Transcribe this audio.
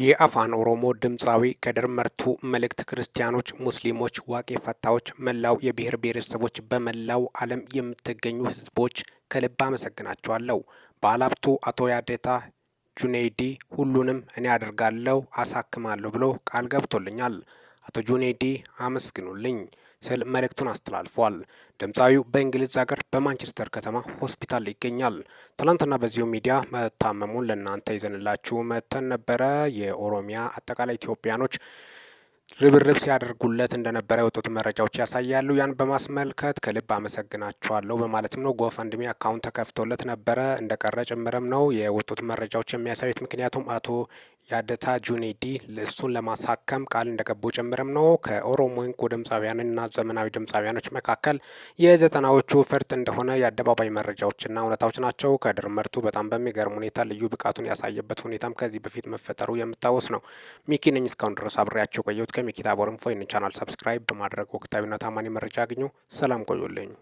የአፋን ኦሮሞ ድምፃዊ ከድር መርቱ መልእክት ክርስቲያኖች፣ ሙስሊሞች፣ ዋቄ ፈታዎች፣ መላው የብሔር ብሔረሰቦች፣ በመላው ዓለም የምትገኙ ህዝቦች ከልብ አመሰግናቸዋለሁ። ባለሀብቱ አቶ ያዴታ ጁኔይዲ ሁሉንም እኔ አደርጋለሁ አሳክማለሁ ብሎ ቃል ገብቶልኛል። አቶ ጁኔይዲ አመስግኑልኝ። ስል መልእክቱን አስተላልፏል። ድምፃዊው በእንግሊዝ ሀገር በማንቸስተር ከተማ ሆስፒታል ይገኛል። ትናንትና በዚሁ ሚዲያ መታመሙን ለእናንተ ይዘንላችሁ መተን ነበረ። የኦሮሚያ አጠቃላይ ኢትዮጵያኖች ርብርብ ሲያደርጉለት እንደነበረ የወጡት መረጃዎች ያሳያሉ። ያን በማስመልከት ከልብ አመሰግናቸዋለሁ በማለትም ነው ጎፈንድሚ አካውንት ተከፍቶለት ነበረ እንደቀረ ጭምርም ነው የወጡት መረጃዎች የሚያሳዩት። ምክንያቱም አቶ የአደታ ጁኔዲ እሱን ለማሳከም ቃል እንደገቡ ጭምርም ነው። ከኦሮሞ እንቁ ድምፃውያንና ዘመናዊ ድምፃውያኖች መካከል የዘጠናዎቹ ፈርጥ እንደሆነ የአደባባይ መረጃዎችና እውነታዎች ናቸው። ከድር ምርቱ በጣም በሚገርም ሁኔታ ልዩ ብቃቱን ያሳየበት ሁኔታም ከዚህ በፊት መፈጠሩ የምታወስ ነው። ሚኪ ነኝ። እስካሁን ድረስ አብሬያቸው ቆየሁት። ከሚኪታ ቦርንፎ ይህን ቻናል ሰብስክራይብ በማድረግ ወቅታዊና ታማኝ መረጃ አግኙ። ሰላም ቆዩልኝ።